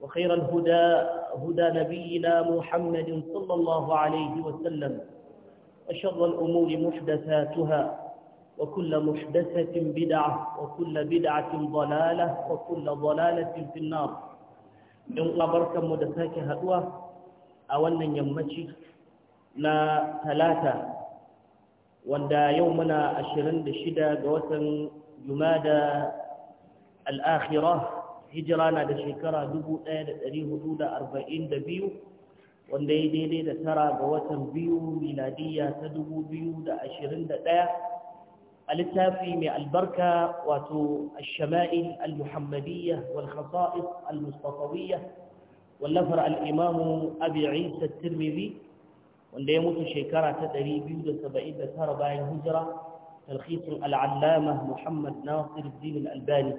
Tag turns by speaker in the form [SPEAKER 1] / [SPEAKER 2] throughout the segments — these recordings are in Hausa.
[SPEAKER 1] وخير الهدى هدى نبينا محمد صلى الله عليه وسلم وشر الأمور محدثاتها وكل محدثة بدعة وكل بدعة ضلالة وكل ضلالة في النار يوم قبرك مدفاك هدوة أولا يمشي لا ثلاثة wanda يومنا أشرن بشدة da shida الآخرة hijira na da shekara 1442 wanda ya daidai da tara ga watan biyu miladiya ta 2021 a littafi mai albarka wato ashama'il al-muhammadiyya wal khasa'is al-mustafawiyya wallafar al'imamu abi isa tirmidhi wanda ya mutu shekara ta 279 bayan hijira talhisin al'allama muhammad nasir din al-albani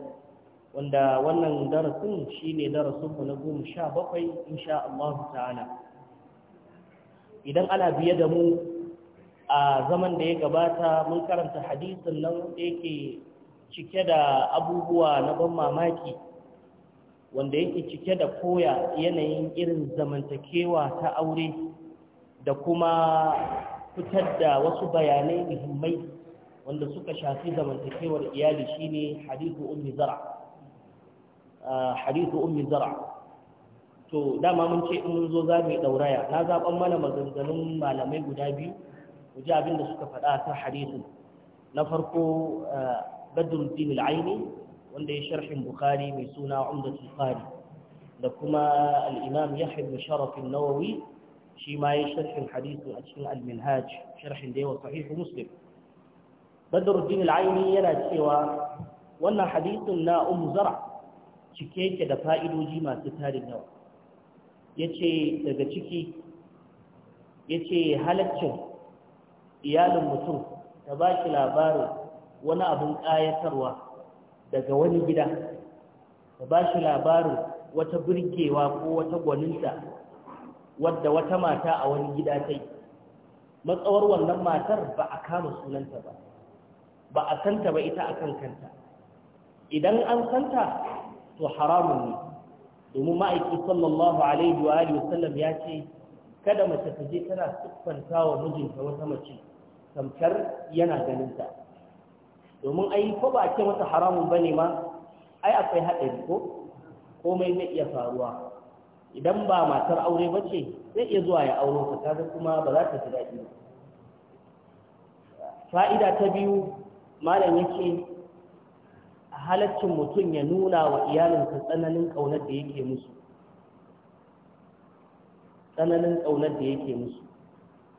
[SPEAKER 1] wanda wannan darasin shine darasinmu na goma sha bakwai insha Allah ta'ala idan ana biye da mu a zaman da ya gabata mun karanta hadisin nan da yake cike da abubuwa na ban mamaki wanda yake cike da koya yanayin irin zamantakewa ta aure da kuma fitar da wasu bayanai muhimmai wanda suka shafi zamantakewar iyali shine hadithu ummi zara hadithu ummi zara to dama mun ce in mun zo za mu dauraya na zaban mana maganganun malamai guda biyu ku ji abin da suka faɗa ta hadithin na farko eh, badruddin al-aini wanda ya sharhin bukhari mai suna umdatul qari da kuma al-imam yahya bin sharaf an-nawawi shi ma ya sharhin hadithin a cikin al-minhaj sharhin da yawa sahih muslim badruddin al-aini yana cewa wannan hadithin na ummu zara cike yake da fa'idoji masu tarin yawa ya ce daga ciki ya ce halaccin iyalin mutum ta ba shi labarin wani abin ƙayatarwa daga wani gida ta ba shi labarin wata birgewa ko wata gwaninta wadda wata mata a wani gida ta yi matsawar wannan matar ba a kama sunanta ba ba a santa ba ita a kanta idan an santa to haramun ne domin ma'aiki sallallahu alaihi wa alihi wasallam ya ce kada mace ta je tana siffanta wa mijinta wata mace tamkar yana ganin ta domin ai ko ba ake ce mata haramun bane ma ai akwai haɗari ko komai zai iya faruwa idan ba matar aure ba ce zai iya zuwa ya auro ta kaga kuma ba za ta ji daɗi ba fa'ida ta biyu malam yake A halaccin mutum ya nuna wa iyalinsa tsananin ƙaunar da yake musu tsananin ƙaunar da yake musu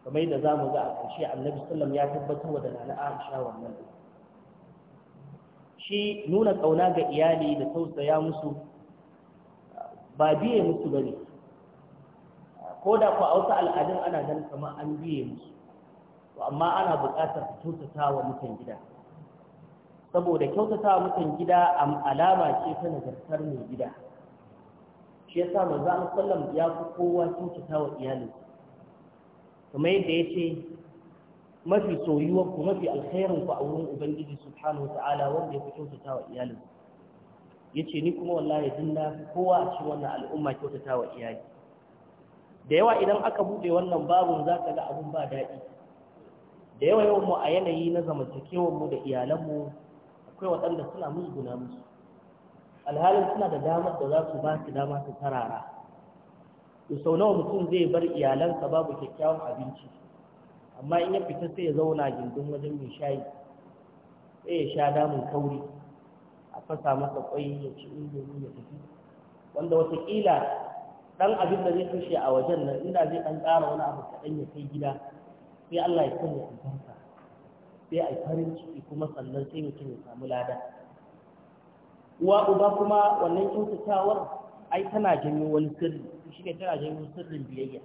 [SPEAKER 1] kamar yadda za mu ga a ƙarshe annabi sallam ya tabbatar wa da nana aisha wannan shi nuna ƙauna ga iyali da tausaya musu ba biye musu ba ne ko da ku a wasu al'adun ana ganin kamar an biye musu amma ana buƙatar tausasa wa mutan gida saboda kyautata mutan gida alama ce ta nagartar mai gida shi yasa manzo Allah sallam ya fi kowa kyautata wa iyali kuma yadda yace mafi soyuwar ku mafi alkhairin ku a wurin ubangiji subhanahu wataala wanda ya fi kyautata wa iyali yace ni kuma wallahi na kowa a cikin wannan al'umma kyautata wa iyali da yawa idan aka bude wannan babun za ka ga abun ba daɗi da yawa yawan mu a yanayi na zamantakewar mu da iyalan mu akwai waɗanda suna musguna musu alhalin suna da damar da za su ba su dama su tarara to sau nawa mutum zai bar iyalansa babu kyakkyawan abinci amma in ya fita sai ya zauna gindin wajen mai shayi sai ya sha damun kauri a fasa masa kwai ya ci indomi ya tafi wanda watakila ɗan abin da zai kashe a wajen nan inda zai ɗan ƙara wani abu kaɗan ya kai gida sai Allah ya sanya albarka sai a yi farin ciki kuma sannan sai mutum ya samu lada uwa uba kuma wannan kyautatawar ai tana janyo wani sirri shi ne tana janyo sirrin biyayya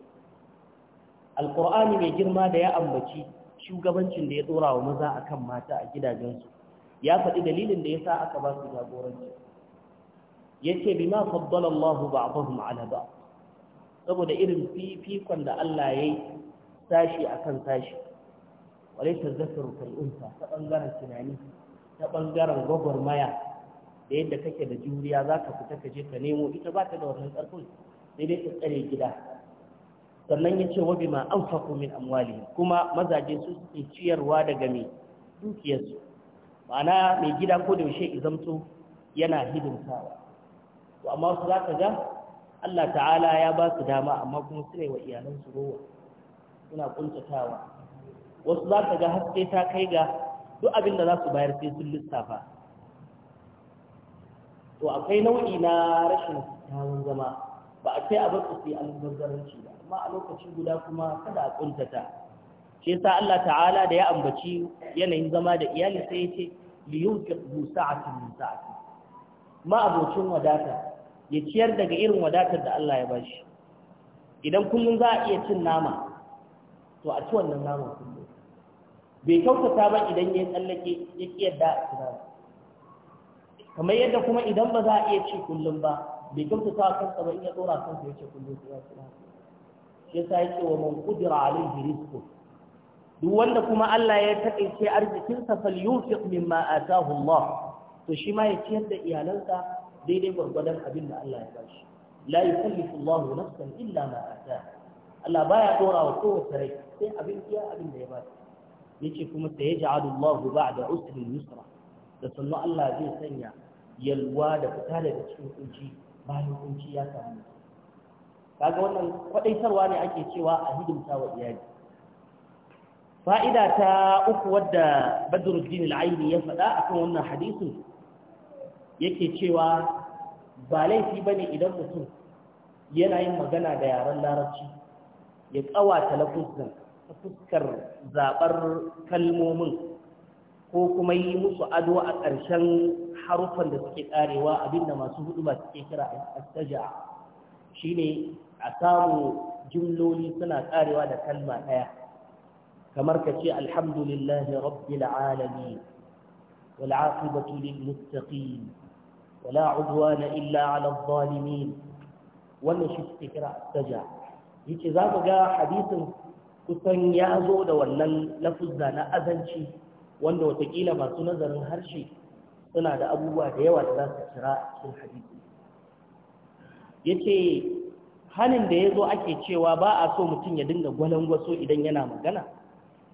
[SPEAKER 1] alkur'ani mai girma da ya ambaci shugabancin da ya tsora wa maza akan mata a gidajensu ya faɗi dalilin da ya sa aka ba su jagoranci ya ce bi ma ba Allah ba'dahum ala ba saboda irin fifikon da Allah ya yi sashi akan sashi walai ta zakaru kal'unta ta ɓangaren tunani ta ɓangaren gwagwarmaya da yadda kake da juriya za ka fita ka je ka nemo ita ba ta da wannan ƙarfin sai dai tsare gida sannan ya ce wabi ma an faku min amwali kuma mazaje su suke ciyarwa daga mai dukiyarsu ma'ana mai gida ko daushe yaushe izamto yana hidimtawa to amma su za ka ga Allah ta'ala ya ba su dama amma kuma suna ne wa iyalansu rowa suna kuntatawa wasu za ka ga haske ta kai ga duk abin da za su bayar sai sun lissafa to akwai nau'i na rashin kyawun zama ba a kai abin bar su sai almubazzaranci ba amma a lokaci guda kuma kada a kuntata shi yasa Allah ta'ala da ya ambaci yanayin zama da iyali sai ya ce liyunfiq bu sa'atin min sa'ati ma abocin wadata ya ciyar daga irin wadatar da Allah ya bashi idan kullum za a iya cin nama to a ci wannan naman kullum bai kyautata ba idan ya tsallake ya ƙi yadda a kira kamar yadda kuma idan ba za a iya ci kullum ba bai kyautata a kansa ba in ya tsora kansa ya ce kullum sai ya kira shi yasa yake wa man qudira alaihi rizqu duk wanda kuma Allah ya taɗaice arzikinsa falyunfiq mimma atahu Allah to shi ma ya ciyar da iyalansa daidai gwargwadon abin da Allah ya bashi la yukallifu Allah nafsan illa ma ataha Allah baya dora wa kowace rai sai abin iya abin da ya bashi yace kuma sayaj'alu Allahu ba'da usrin yusra da sannu Allah zai sanya yalwa da fita daga cikin kunci bayan kunci ya samu kaga wannan kwadaitarwa ne ake cewa a hidimta wa iyali fa'ida ta uku wadda Badruddin al-Aini ya faɗa akan wannan hadisin yake cewa ba laifi bane idan mutum yana yin magana da yaren larabci ya ƙawata lafuzzan ta fuskar zaɓar kalmomin ko kuma yi musu ado a ƙarshen harufan da suke ƙarewa abinda masu hudu ba suke kira astaja shine a samu jimloli suna ƙarewa da kalma ɗaya kamar ka ce alhamdulillahi da alamin wal aqibatu lil muttaqin wala udwana illa ala wannan shi suke kira astaja yace za ku ga hadisin kusan ya zo da wannan lafuzza na azanci wanda watakila masu nazarin harshe suna da abubuwa da yawa da za su kira cikin hadisi ya ce hannun da ya zo ake cewa ba a so mutum ya dinga gwalangwaso idan yana magana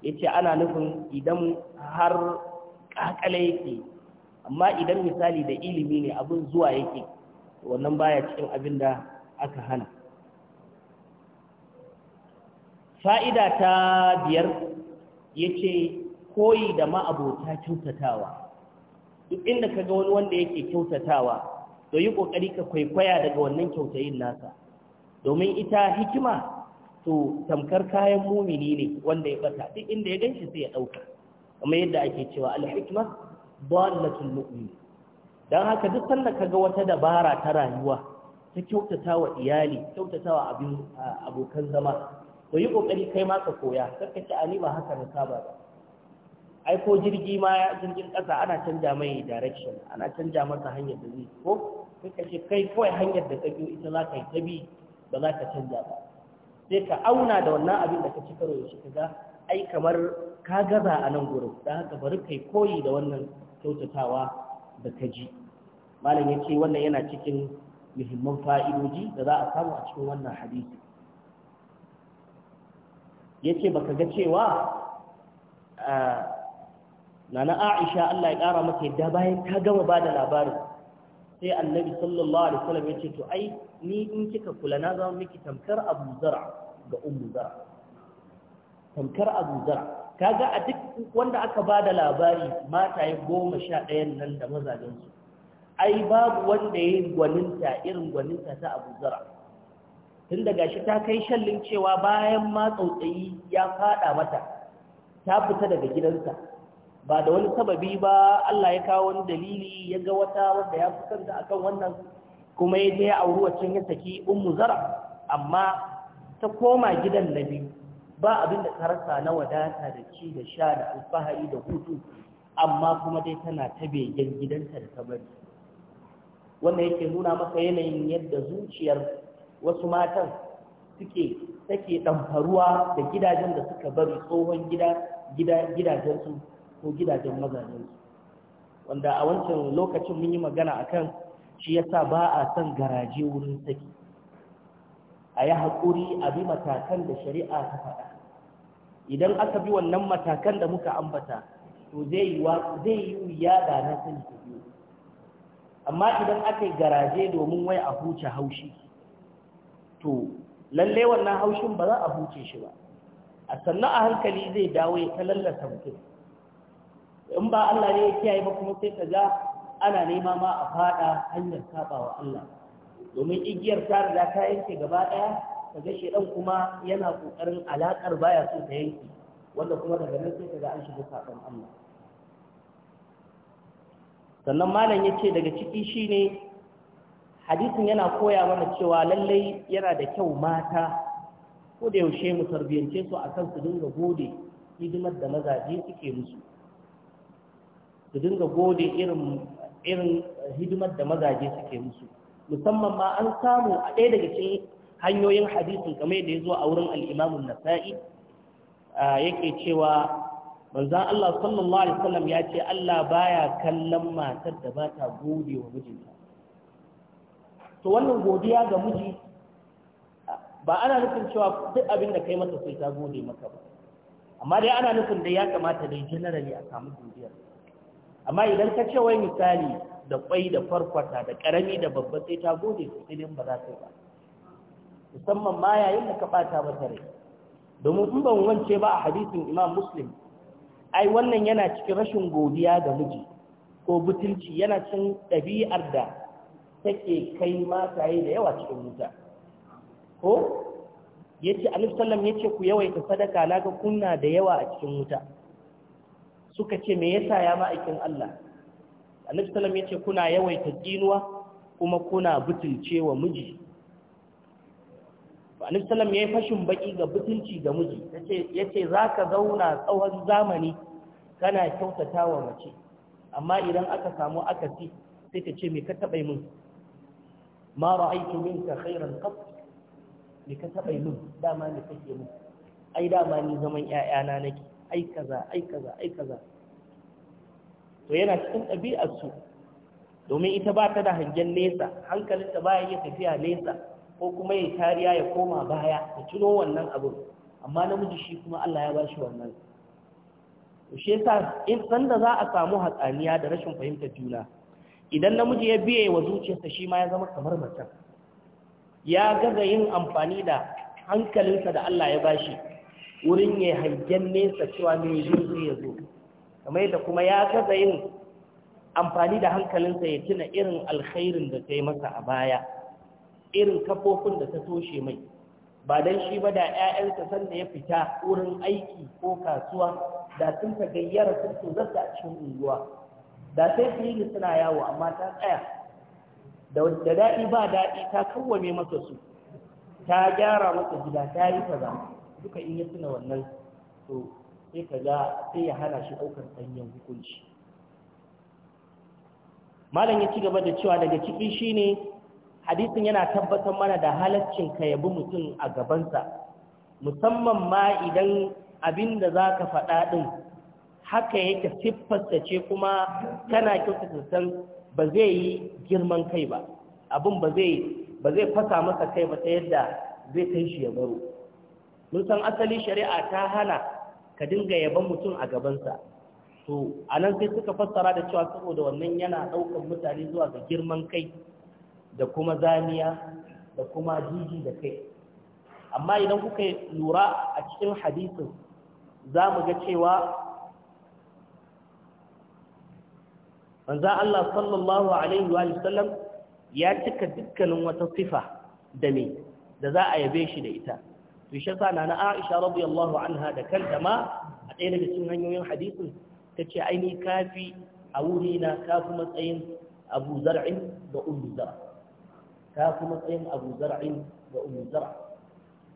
[SPEAKER 1] ya ce ana nufin idan har ƙaƙale yake amma idan misali da ilimi ne abin zuwa yake wannan baya cikin abin da aka hana fa'ida ta biyar ya ce koyi da ma'abota kyautatawa duk inda ka wani wanda yake kyautatawa to yi ƙoƙari ka kwaikwaya daga wannan kyautayin nasa domin ita hikima to tamkar kayan mumini ne wanda ya bata duk inda ya ganshi sai ya ɗauka kamar yadda ake cewa alhikma dallatul mu'min dan haka duk sanda kaga wata dabara ta rayuwa ta kyautatawa iyali kyautatawa abin abokan zama to yi kokari kai ma ka koya karka ci ani ba haka na saba ba ai ko jirgi ma ya jirgin kasa ana canja mai direction ana canja masa hanyar da zai ko kai ce kai kawai hanyar da ka ita za ka yi ta bi ba za ka canja ba sai ka auna da wannan abin da ka ci karo shi ka ga ai kamar ka gaza a nan gurin dan haka bari kai koyi da wannan kyautatawa da ka ji malam ya wannan yana cikin muhimman fa'idoji da za a samu a cikin wannan hadisi yace baka ga cewa nana Aisha Allah ya kara mata yadda bayan ka gama bada labarin sai Annabi sallallahu alaihi wasallam yace to ai ni in kika kula na zama miki tamkar Abu Zar'a ga Ummu Zar'a tamkar Abu Zar'a kaga a duk wanda aka ba da labari mataye goma sha ɗayan nan da mazajensu ai babu wanda ya yi gwaninta irin gwaninta ta Abu Zar'a tun da gashi ta kai shallin cewa bayan ma ya fada mata ta fita daga gidansa ba da wani sababi ba Allah ya kawo wani dalili ya ga wata wanda ya kusanta akan wannan kuma ya je a auri waccan ya saki ummu zara amma ta koma gidan nabi ba abin da ta rasa na wadata da ci da sha da alfahari da hutu amma kuma dai tana ta begen gidanta da ta bari wannan yake nuna maka yanayin yadda zuciyar wasu matan suke take ɗamfaruwa da gidajen da suka bari tsohon gidajensu ko gidajen mazajensu wanda a wancan lokacin mun yi magana akan shi yasa ba a son garaje wurin saki a yi haƙuri a bi matakan da shari'a ta faɗa idan aka bi wannan matakan da muka ambata to zai yi wuya da na sani ta biyu amma idan aka yi garaje domin wai a huce haushi to lalle wannan haushin ba za a huce shi ba a sannan a hankali zai dawo ya talallata mutum in ba Allah ne ya kiyaye ba kuma sai ka ga ana nema ma a fada hanyar sabawa Allah domin igiyar ta riga ta yanke gaba daya ka ga ɗan kuma yana kokarin alakar baya so ta yanke wanda kuma daga nan sai ka ga an shiga sakon Allah sannan malam yace daga ciki shine hadisin yana koya mana cewa lallai yana da kyau mata ko da yaushe mu tarbiyance su a kan su dinga gode hidimar da mazaje suke musu su dinga gode irin hidimar da mazaje suke musu musamman ma an samu a ɗaya daga cikin hanyoyin hadisin kamar da ya zo a wurin al'imamun nasa'i yake cewa manzan Allah sallallahu Alaihi wasallam ya ce Allah baya kallon matar da ba ta gode wa mijinta to wannan godiya ga miji ba ana nufin cewa duk abin da kai masa sai ta gode maka ba amma dai ana nufin da ya kamata dai generally a samu godiya amma idan ka ce wai misali da kwai da farkwata da karami da babba sai ta gode sai dai ba za ta ba musamman ma yayin da ka bata mata rai domin in ban wance ba a hadisin imam muslim ai wannan yana cikin rashin godiya ga miji ko butulci yana cin ɗabi'ar da take kai makaye da yawa cikin wuta ko yace alif sallam yace ku yawaita sadaka laka kunna da yawa a cikin wuta suka ce me yasa ya ma'aikin Allah alif sallam yace kuna yawaita tsinuwa kuma kuna butulcewa miji alif sallam yayi fashin baki ga butulci ga miji yace yace zaka zauna tsawon zamani kana kyautatawa mace amma idan aka samu akasi sai ta ce me ka taɓa mun ما رأيت منك خيرا قط li ka tabai min dama ne kake mu ai dama ni zaman ƴaƴana كذا ai kaza ai kaza ai kaza to yana cikin domin ita ba ta da hangen nesa hankalinta baya ya tafiya nesa ko kuma ya kariya ya koma baya ya tuno wannan abin amma namiji shi kuma Allah ya ba shi wannan shi yasa in sanda za a samu hatsaniya da rashin fahimtar juna idan namiji ya biye wa zuciyarsa shi ma ya zama kamar macen ya gaza yin amfani da hankalinsa da Allah ya bashi wurin ya hangen nesa cewa mai zurfi ya zo kamar yadda kuma ya gaza yin amfani da hankalinsa ya tuna irin alkhairin da ta yi masa a baya irin kafofin da ta toshe mai ba don shi ba da 'ya'yansa sanda ya fita wurin aiki ko kasuwa da sun ta gayyara sun tozarta a cikin unguwa da sai fili suna yawo amma ta tsaya da daɗi ba daɗi ta kawwame masa su ta gyara masa gida ta yi kaza duka in ya tuna wannan to sai ga sai ya hana shi ɗaukar ɗanyen hukunci malam ya ci gaba da cewa daga ciki shine hadisin yana tabbatar mana da halaccin ka yabi mutum a gabansa musamman ma idan abin da za ka faɗa ɗin haka yake siffarsa ce kuma tana kyautata san ba zai yi girman kai ba abin ba zai ba zai fasa masa kai ba ta yadda zai kai shi ya baro mun san asali shari'a ta hana ka dinga yaban mutum a gabansa to a nan sai suka fassara da cewa saboda wannan yana ɗaukar mutane zuwa ga girman kai da kuma zaniya da kuma jiji da kai amma idan kuka lura a cikin hadisin za mu ga cewa manzo Allah sallallahu alaihi wa sallam ya cika dukkanin wata sifa da me da za a yabe shi da ita to shi yasa nana Aisha radiyallahu anha da kanta ma a ɗaya daga cikin hanyoyin hadisin tace ai ni kafi a wuri na kafi matsayin Abu Zar'in da Ummu Zar kafi matsayin Abu Zar'in da Ummu Zar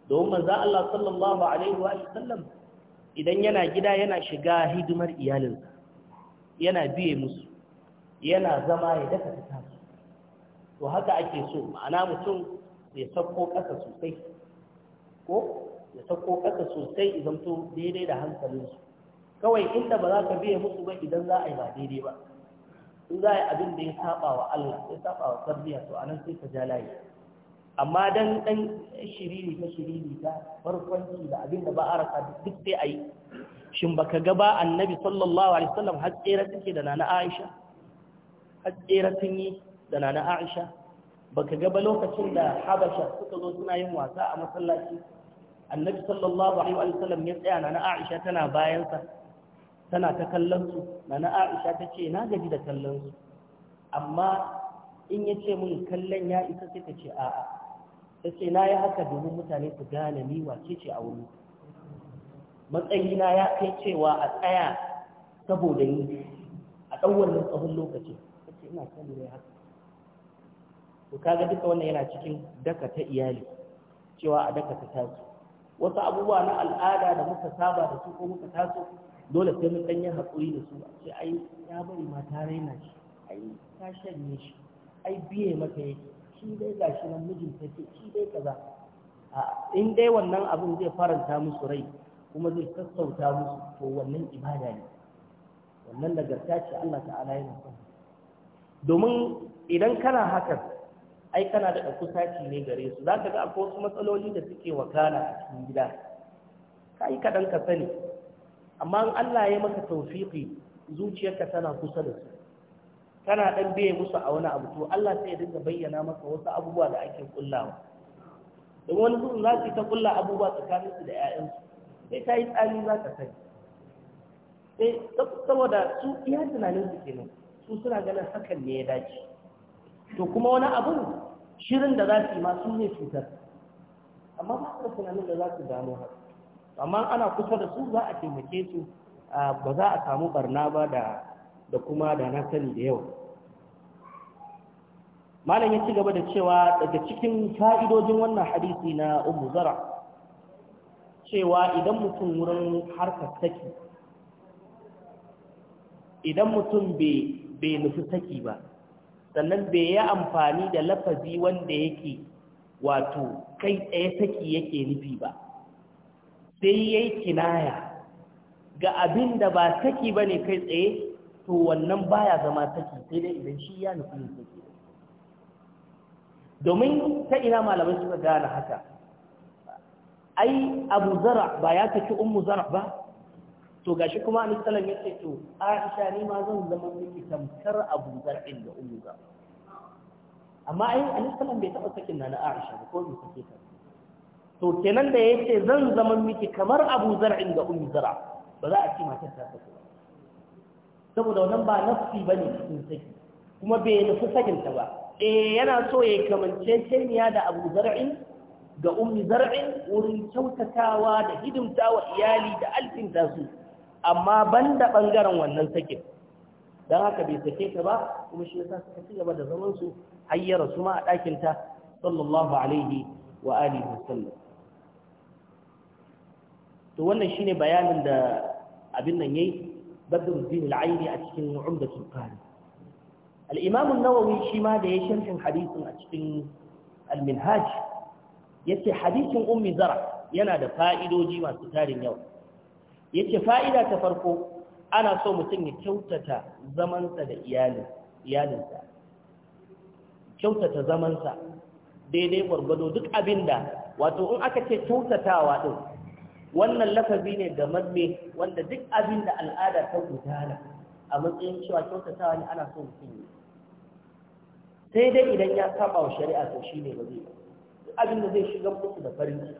[SPEAKER 1] domin manzo Allah sallallahu alaihi wa sallam idan yana gida yana shiga hidimar iyalinsa yana biye musu yana zama ya daka ta tasu to haka ake so ma'ana mutum ya sauko ƙasa sosai ko ya sauko ƙasa sosai idan to daidai da hankalinsu kawai inda ba za ka biya musu ba idan za a yi ba daidai ba in za a yi abin da ya saba wa Allah ya saba wa tarbiyya to a nan sai ka ja layi amma dan dan shiriri ta shiriri ta farkonci da abin da ba a rasa duk sai a yi shin baka ga ba annabi sallallahu alaihi wasallam har tsere take da nana Aisha haskera sun yi da nana aisha ba ka gaba lokacin da habasha suka zo suna yin wasa a masallaci annabi sallallahu alaihi wa sallam ya tsaya nana aisha tana bayansa tana ta kallonsu. nana aisha ta ce na gaji da kallonsu. amma in ya ce mun kallon ya isa sai ta ce a'a ta ce na yi haka domin mutane su gane ni wace ce a wuri matsayina ya kai cewa a tsaya saboda ni a ɗan wannan tsawon lokaci ina sani ne haka to kaga duka wannan yana cikin daka ta iyali cewa a daka ta taso wasu abubuwa na al'ada da muka saba da su ko muka taso dole sai mun danyen haƙuri da su a ce ai ya bari mata raina shi ai ta shanye shi ai biye mata yake shi dai gashi nan mijin ce shi dai kaza a in dai wannan abin zai faranta musu rai kuma zai sassauta musu to wannan ibada ne wannan nagarta ce Allah ta'ala yana son domin idan kana hakan ai kana da kusaci ne gare su za ka ga akwai wasu matsaloli da suke wakana a cikin gida ka yi kaɗan ka sani amma in Allah ya maka taufiƙi zuciyarka tana kusa da su kana ɗan biye musu a wani abu to Allah sai ya dinga bayyana maka wasu abubuwa da ake kullawa don wani sun za su yi ta kulla abubuwa tsakaninsu da 'ya'yansu sai ta yi tsani za ka sani sai eh, saboda su iya tunaninsu kenan su suna ganin hakan ne ya dace to kuma wani abin shirin da za su yi masu ne cutar amma ba su tunanin da za su gano haka amma ana kusa da su za a taimake su ba za a samu barna ba da kuma da na sani da yawa malam ya ci gaba da cewa daga cikin fa'idojin wannan hadisi na ummu zara cewa idan mutum wurin harkar saki idan mutum bai bai nufi saki ba sannan bai yi amfani da lafazi wanda yake wato kai tsaye saki yake nufi ba sai ya yi kinaya ga abin da ba saki ba ne kai tsaye to wannan baya zama saki sai dai idan shi ya nufi yin saki domin ta ina malamai suka gane haka ai abu zara ba ya saki umu zara ba to gashi kuma Ali sallam ya ce to Aisha ni ma zan zama miki tamkar Abu Zar'in da Ummu ga. amma ai Ali sallam bai taɓa sakin na Aisha ba ko bai sake ta to kenan da yace zan zama miki kamar Abu Zar'in da Ummu Zar'a ba za a ci matar ta sake ba saboda wannan ba nafsi bane cikin saki kuma bai nufi sakin ta ba eh yana so ya kamance kemiya da Abu Zar'in ga ummi zar'in wurin kyautatawa da hidimta wa iyali da alfinta su amma ban da ɓangaren wannan sakin don haka bai sake ta ba kuma shi yasa suka ci gaba da zaman su hayyara su ma a ɗakinta, sallallahu alaihi wa alihi wasallam to wannan shine bayanin da abin nan yayi Badruddin al-Aini a cikin Umdatul Qari al-Imam an-Nawawi shi ma da ya sharhin hadisin a cikin al-Minhaj yace hadisin Ummi Zara yana da fa'idoji masu tarin yawa yake fa'ida ta farko ana so mutum ya kyautata zamansa da iyalin iyalinsa kyautata zamansa daidai gwargwado duk abinda wato in aka ce kyautatawa din wannan lafazi ne ga mamme wanda duk abinda al'ada ta gudana a matsayin cewa kyautatawa ne ana so mutum ya sai dai idan ya saba wa shari'a to shine ba zai duk abinda zai shiga muku da farin ciki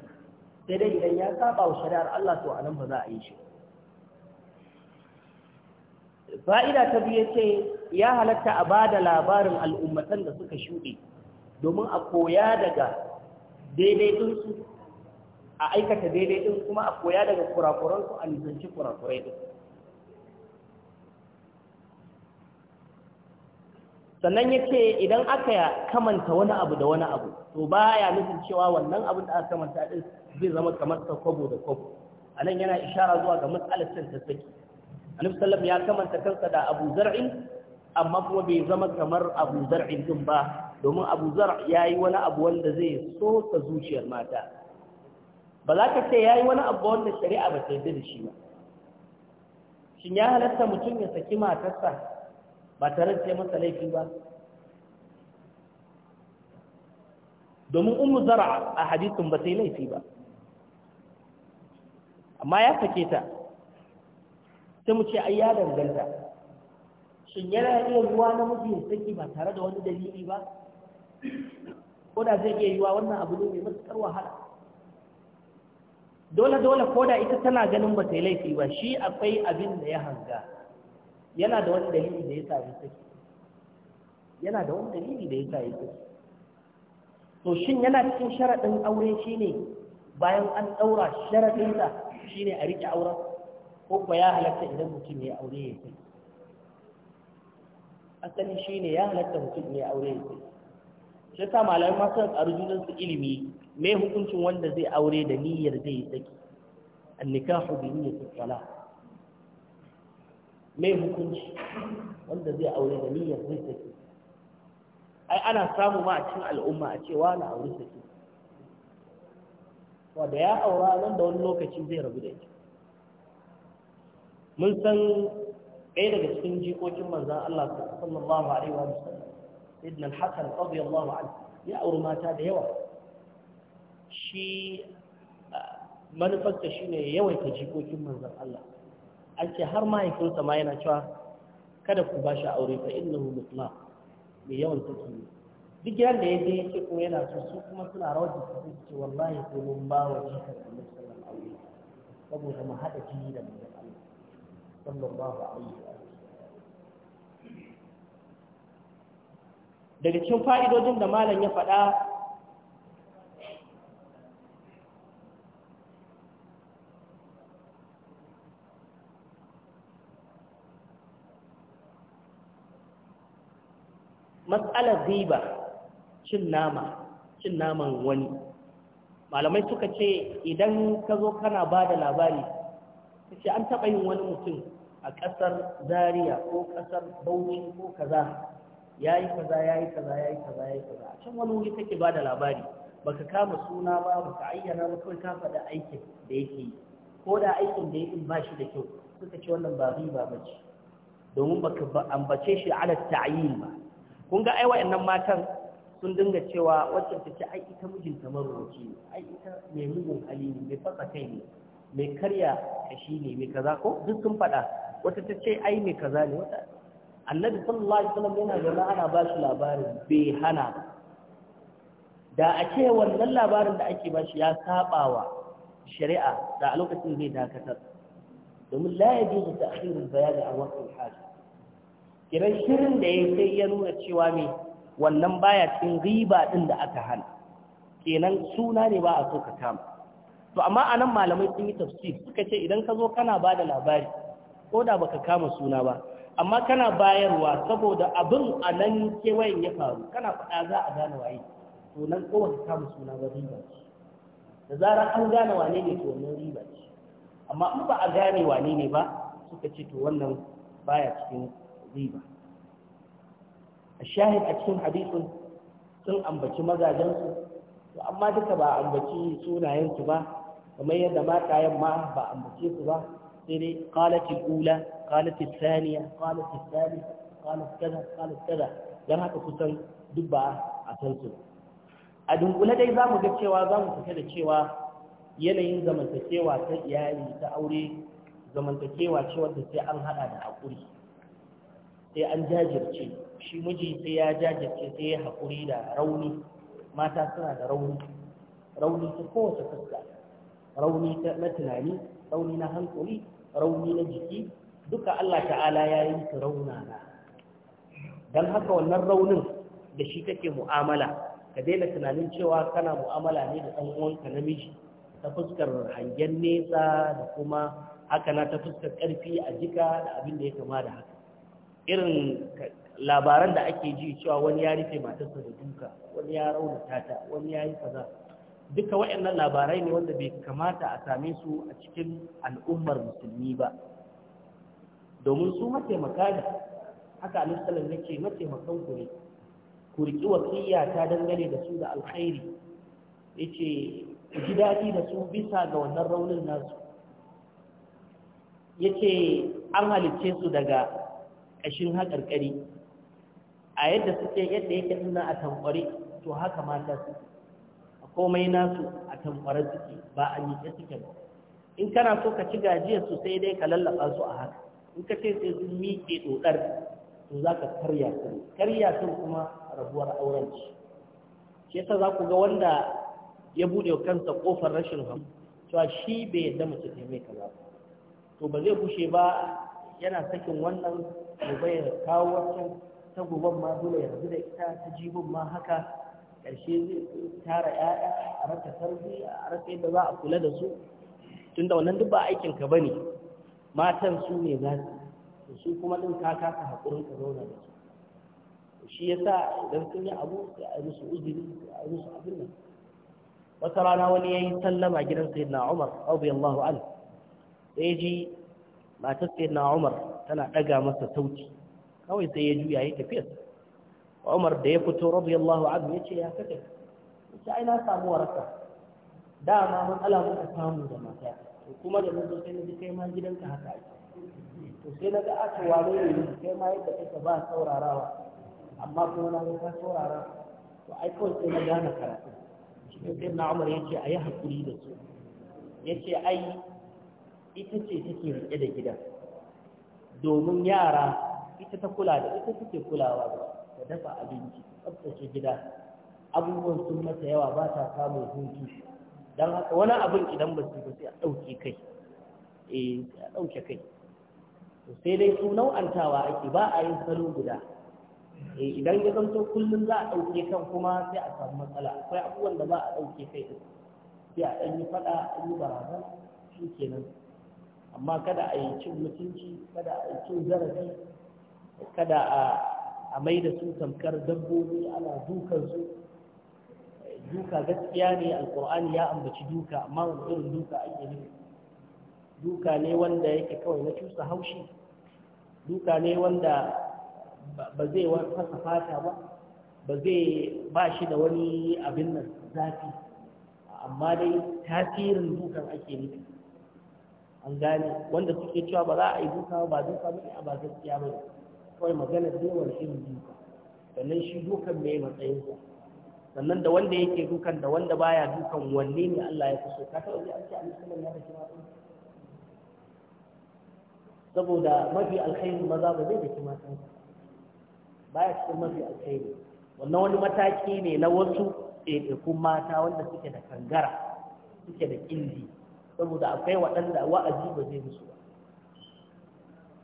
[SPEAKER 1] sai dai idan ya saba wa shari'ar Allah to anan ba za a yi shi fa'ida ta biye ce ya halatta a bada labarin al'ummatan da suka shuɗe domin a koya daga daidai ɗinsu a aikata daidai ɗin kuma a koya daga su a nisanci kurakurai ɗin sannan ya ce idan aka kamanta wani abu da wani abu to baya nufin cewa wannan abin da aka manta din zai zama kamar ta kwabo da kwabo a nan yana ishara zuwa ga matsalar cin ta saki alif sallam ya kamanta kansa da abu zar'in amma kuma bai zama kamar abu zar'in din ba domin abu zar ya yi wani abu wanda zai so ta zuciyar mata ba za ka ce ya yi wani abu wanda shari'a ba ta yi da shi ba shin ya halatta mutum ya saki matarsa ba tare da masa laifi ba domin umu zara a hadisin ba sai laifi ba amma ya sake ta sai mu ce ai ya danganta shin yana iya ruwa na ya saki ba tare da wani dalili ba ko da zai iya yiwa wannan abu ne mai matuƙar wahala dole dole ko da ita tana ganin ba ta yi laifi ba shi akwai abin da ya hanga yana da wani dalili da ya sa ya saki yana da wani dalili da ya sa ya saki to shin yana cikin sharaɗin aure shine bayan an ɗaura sharaɗinsa shine a riƙe auren ko kuwa ya halatta idan mutum ya aure ya kai asali ne ya halatta mutum ya aure ya kai shi ta malamai masu suka su ilimi mai hukuncin wanda zai aure da niyyar zai yi saki annikahu bi niyyati tsala Mai hukunci wanda zai aure da niyyar zai tsaki ai ana samu ma a cikin al'umma a cewa na aure saki wanda ya aura nan da wani lokaci zai rabu da ita mun san ɗaya daga cikin jikokin manzan Allah sallallahu alaihi wa sallam ibn al-hasan radiyallahu anhu ya auri mata da yawa shi manufarsa shine yawaita jikokin manzan Allah an ce har mahaifinsa ma yana cewa kada ku ba shi aure fa innahu mutlaq mai yawan saki ne duk gidan da ya je ya ce kuma yana su kuma suna rawar da su ce wallahi ko mun ba wa jikar da musamman saboda mu haɗa jini da manzon Allah fa'idodin da malam ya faɗa matsalar riba cin nama cin naman wani malamai suka ce idan ka zo kana ba da labari ce an taɓa yin wani mutum a ƙasar zariya ko ƙasar bauchi ko kaza ya yi kaza ya yi kaza ya yi kaza ya yi kaza a can wani wuri take ba da labari ka kama suna ba ba ka ayyana ba kawai ka faɗa aikin da yake yi ko da aikin da yake ba shi da kyau suka ce wannan ba riba ba ce domin baka ambace shi ala ta'ayin ba kun ga Aiwa 'Yannan matan sun dinga cewa wacce ta ce ai ita mijinta marubuci ne ai ita mai mugun hali ne mai fasa kai ne mai karya kashi ne mai kaza ko duk sun faɗa wata ta ce ai mai kaza ne wata annabi sallallahu alaihi wasallam yana zama ana ba shi labarin bai hana da a ce wannan labarin da ake ba shi ya sabawa shari'a da a lokacin zai dakatar domin la yajuzu ta'khirul bayani an waqti al-haja kiran shirin da ya sai ya nuna cewa mai wannan baya cikin riba ɗin da aka hana kenan suna ne ba a so ka kama to amma a nan malamai sun yi tafsir suka ce idan ka zo kana ba da labari ko da baka kama suna ba amma kana bayarwa saboda abin a nan kewayen ya faru kana faɗa za a gane waye to nan ko baka kama suna ba riba ce da zarar an gane wane ne to wannan riba ce amma in ba a gane wane ne ba suka ce to wannan baya cikin riba a shahid a cikin hadisin sun ambaci mazajensu to amma duka ba ambaci sunayensu ba kamar yadda matayen ma ba ambace su ba sai dai qalatil ula qalatil thaniya qalatil thalitha qalat kaza qalat kaza dan haka kusan duk ba a san a dunkule dai zamu ga cewa zamu fita da cewa yanayin zamantakewa ta iyali ta aure zamantakewa cewa sai an hada da hakuri sai an jajirce shi miji sai ya jajirce sai ya haƙuri da rauni mata suna da rauni rauni ta kowace fuska rauni na tunani rauni na hankali rauni na jiki duka Allah ta'ala ya yi su na. don haka wannan raunin da shi take mu'amala ka daina tunanin cewa kana mu'amala ne da ɗan uwanka namiji ta fuskar hangen nesa da kuma haka na ta fuskar ƙarfi a jika da abin da ya kama da haka irin labaran da ake ji cewa wani ya rufe matarsa da duka wani ya raunata ta wani ya yi kaza duka waɗannan labarai ne wanda bai kamata a same su a cikin al'ummar musulmi ba domin su mataimaka ne haka alisalam ya ce mataimakan ku ne ku riƙi wakiliya ta dangane da su da alkhairi ya ce ji daɗi da su bisa ga wannan raunin nasu ya ce an halicce su daga ƙashin haƙarƙari a yadda suke yadda yake suna a tankware to haka mata su a komai nasu a tankware suke ba a miƙe suke ba in kana so ka ci gajiyar su sai dai ka lallaba su a haka in ka ce sai sun miƙe dodar to za ka karya su karya su kuma rabuwar auren ce shi yasa za ku ga wanda ya buɗe kansa ƙofar rashin hamu cewa shi bai yadda mace ta mai kaza to ba zai bushe ba yana sakin wannan gobe ya kawo wasu ta goben ma dole ya rabu da ita ta jibin ma haka ƙarshe zai tara ƴaƴa a rasa tarbiyya a rasa yadda za a kula da su tunda wannan duk ba aikin ka bane matan su ne za su su kuma din ka kasa hakurin ka zauna da su shi yasa idan sun yi abu sai a musu uzuri a musu abin nan wata rana wani yayi sallama gidan sayyidina Umar radiyallahu anhu sai ji matar sayyidina Umar tana ɗaga masa sauti kawai sai ya juya ya tafiya wa umar da ya fito radiyallahu anhu ya ce ya kake ita ai na samu waraka dama matsala muka samu da mata to kuma da mun sai na ji kai ma gidanka haka ake to sai na ga aka wani ne kai ma yadda kake ba saurarawa amma kuma na ga ka saurara to ai ko sai na gane karatu shi sai na umar ya ce a yi da su ya ce ai ita ce take riƙe da gidan domin yara ita ta kula da ita suke kulawa da dafa abinci tsabtace gida abubuwan sun mata yawa ba ta samun hutu don haka wani abin idan ba su ba sai a ɗauke kai eh a ɗauke kai sai dai su nau'antawa ake ba a yin salo guda eh, idan ya zanto kullum za a ɗauke kan kuma sai a samu matsala akwai abubuwan da ba a ɗauke kai sai a ɗan yi faɗa an yi barazan shi kenan amma kada a yi cin mutunci kada a yi cin zarafi kada a mai da su tamkar dabbobi ana dukansu duka gaskiya ne alkur'ani ya ambaci duka amma wani irin duka ake nufi duka ne wanda yake kawai na cusa haushi duka ne wanda ba zai fasa fata ba ba zai ba shi da wani abin nan zafi amma dai tasirin dukan ake nufi an gane wanda suke cewa ba za a yi duka ba duka ba a ba gaskiya ba kawai magana dai wani irin duka sannan shi dukan mai sa sannan da wanda yake dukan da wanda baya dukan wanne ne Allah ya kusa ka taɓa ji an ce annabi sallallahu alaihi wasallam saboda mafi alkhairi maza ba zai daki matan baya cikin mafi alkhairi wannan wani mataki ne na wasu ɗaiɗaikun mata wanda suke da kangara suke da ƙindi saboda akwai waɗanda wa'azi ba zai musu ba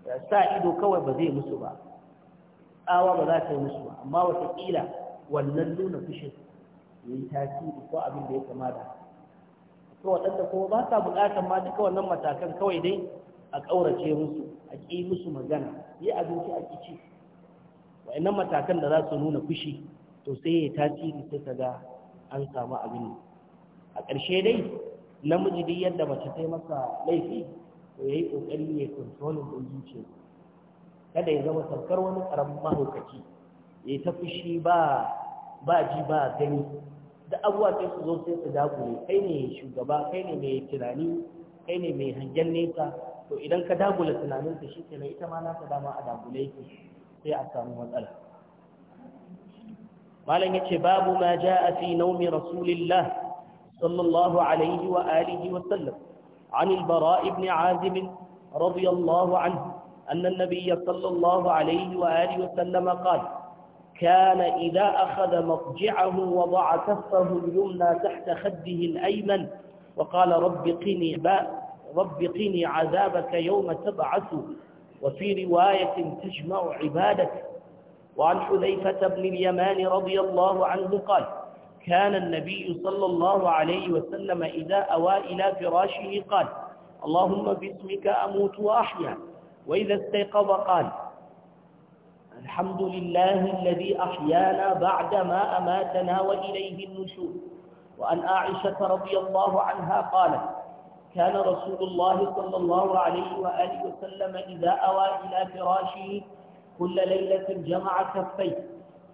[SPEAKER 1] da sa ido kawai ba zai musu ba tsawa ba za ta yi musu ba amma wataƙila wannan nuna fushin ya yi tasiri ko abin da ya kama da to waɗanda kuma ba sa buƙatar ma duka wannan matakan kawai dai a ƙaurace musu a ƙi musu magana yi abinci a ƙi ci wa'annan matakan da za su nuna fushi to sai ya tasiri sai ka ga an samu abin a ƙarshe dai namiji duk yadda mace ta masa laifi to yayi kokari ya kontrolin din zuciya kada ya zama sarkar wani karamin mahaukaci ya ta fushi ba ba ji ba gani da abuwa ke su zo sai su dagule kai ne shugaba kai ne mai tunani kai ne mai hangen nesa to idan ka dagula tunaninsa shi kenan ita ma ka dama a dagule yake sai a samu matsala malam yace babu ma jaa fi naumi rasulillah صلى الله عليه وآله وسلم عن البراء بن عازب رضي الله عنه أن النبي صلى الله عليه وآله وسلم قال كان إذا أخذ مضجعه وضع كفه اليمنى تحت خده الأيمن وقال رب قني, رب قني عذابك يوم تبعث وفي رواية تجمع عبادك وعن حذيفة بن اليمان رضي الله عنه قال كان النبي صلى الله عليه وسلم إذا أوى إلى فراشه قال اللهم باسمك أموت وأحيا وإذا استيقظ قال الحمد لله الذي أحيانا بعدما أماتنا وإليه النشور وأن عائشة رضي الله عنها قالت كان رسول الله صلى الله عليه وآله وسلم إذا أوى إلى فراشه كل ليلة جمع كفيه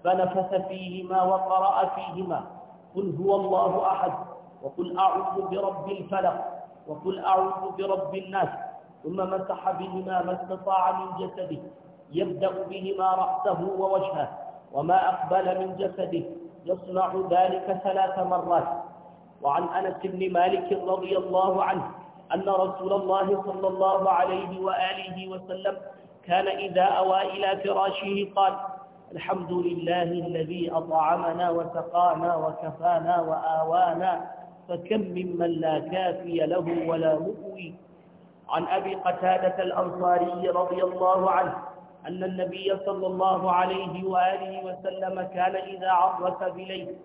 [SPEAKER 1] فنفث فيهما وقرأ فيهما قل هو الله أحد وقل أعوذ برب الفلق وقل أعوذ برب الناس ثم مسح بهما ما استطاع من جسده يبدأ بهما رأسه ووجهه وما أقبل من جسده يصنع ذلك ثلاث مرات وعن أنس بن مالك رضي الله عنه أن رسول الله صلى الله عليه وآله وسلم كان إذا أوى إلى فراشه قال الحمد لله الذي أطعمنا وسقانا وكفانا وآوانا فكم ممن لا كافي له ولا مؤوي عن أبي قتادة الأنصاري رضي الله عنه أن النبي صلى الله عليه وآله وسلم كان إذا عرس بليل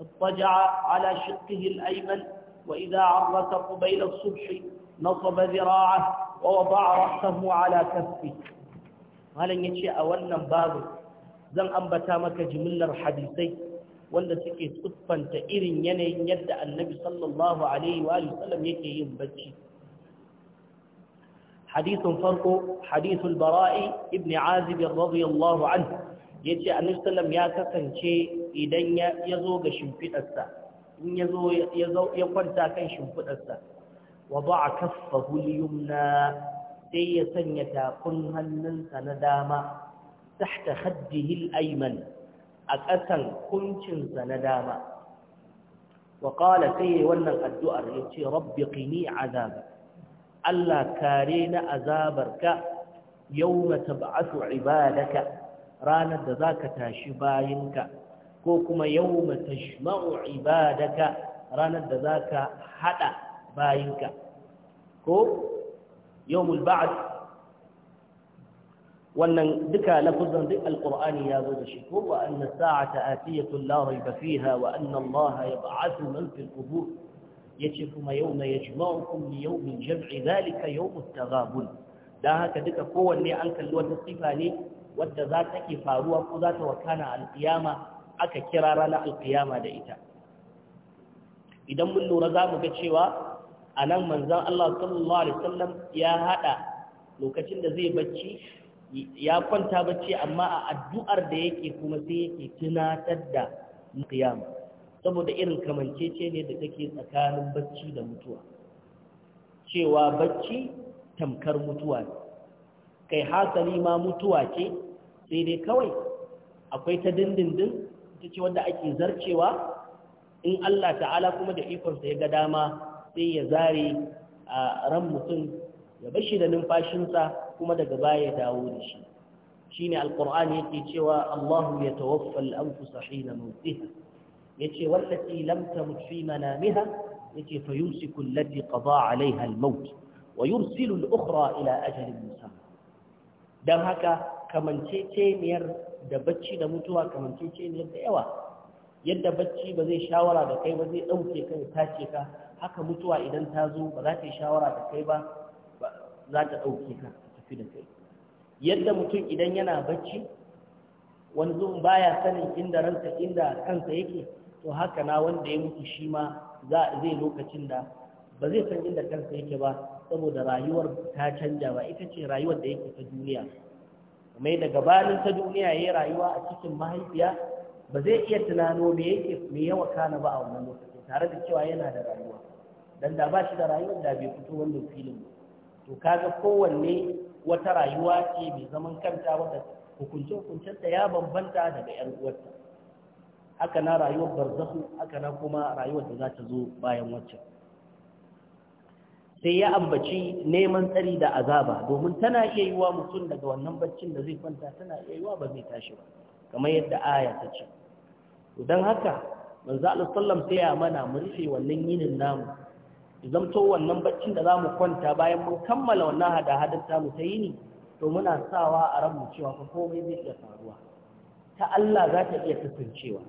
[SPEAKER 1] اضطجع على شقه الأيمن وإذا عرس قبيل الصبح نصب ذراعه ووضع رأسه على كفه قال يجي أولا بابه zan ambata maka jimillar hadisai wanda suke tsuffanta irin yanayin yadda annabi sallallahu alaihi wa sallam yake yin bacci hadisin farko hadisul bara'i ibn azib radiyallahu anhu yace annabi sallam ya kasance idan ya zo ga shimfidarsa in ya zo ya kwanta kan shimfidarsa wada'a kaffahu al sai ya sanya takun hannunsa na dama tahta khaddihi al-ayman a ƙasan kuncinsa na dama wa qala sai wannan addu'ar yace rabbi qini azab Allah kare na azabarka yawma tab'athu ibadaka ranar da zaka tashi bayinka ko kuma yawma tajma'u ibadaka ranar da zaka hada bayinka ko yawmul ba'th wannan duka lafuzan duk alqur'ani ya zo da shi ko wa anna sa'ata atiyatun la rayba fiha wa anna allaha yab'athu man fil qubur yace kuma yawma yajma'ukum li yawmin jam'i dhalika yawmut taghabun dan haka duka kowanne an kalli wata sifa ne wadda za ta ke faruwa ko za ta wakana alqiyama aka kira ranar alqiyama da ita idan mun lura za mu ga cewa a nan manzan Allah sallallahu Alaihi wasallam ya haɗa lokacin da zai bacci ya kwanta bacci amma a addu'ar da yake kuma sai yake tunatar da qiyam saboda irin kamancece ne da take tsakanin bacci da mutuwa cewa bacci tamkar mutuwa ne kai hasali ma mutuwa ce sai dai kawai akwai ta dindindin ta ce wadda ake zarcewa in Allah ta'ala kuma da ikonsa ya ga dama sai ya zare ran mutum ya bashi da numfashinsa kuma daga baya ya dawo da shi shine alqur'ani yake cewa Allahu ya al-anfusa hina mawtiha yace wallati lam tamut fi manamiha yace fayumsiku allati qada 'alayha al-maut wa yursilu al ila ajalin musamma Don haka kamanceceniyar da bacci da mutuwa kamanceceniyar da yawa yadda bacci ba zai shawara da kai ba zai ka kai tace ka haka mutuwa idan ta zo ba za ta yi shawara da kai ba za ta ɗauke ka da kai yadda mutum idan yana bacci wani zuwan baya sanin inda ransa inda kansa yake to haka na wanda ya mutu shi ma zai lokacin da ba zai san inda kansa yake ba saboda rayuwar ta canja ba ita ce rayuwar da yake ta duniya mai da gabanin ta duniya ya rayuwa a cikin mahaifiya ba zai iya tunano me yake me yawa kana ba a wannan lokacin tare da cewa yana da rayuwa dan da ba shi da rayuwar da bai fito wannan filin to kaga kowanne wata rayuwa ce mai zaman kanta wadda hukunce-hukuncenta ya bambanta daga 'yan uwarta haka na rayuwar barzahu haka na kuma rayuwar da za ta zo bayan waccan sai ya ambaci neman tsari da azaba domin tana iya yi wa mutum daga wannan baccin da zai kwanta tana iya yiwa ba zai tashi ba kamar yadda aya ta ce don haka manzo Allah sallam sai ya mana mu rufe wannan yinin namu zamto wannan baccin da za mu kwanta bayan mun kammala wannan hada-hadar mu ta ni? to muna sawa a ranmu cewa ko komai zai iya faruwa ta Allah za ta iya kasancewa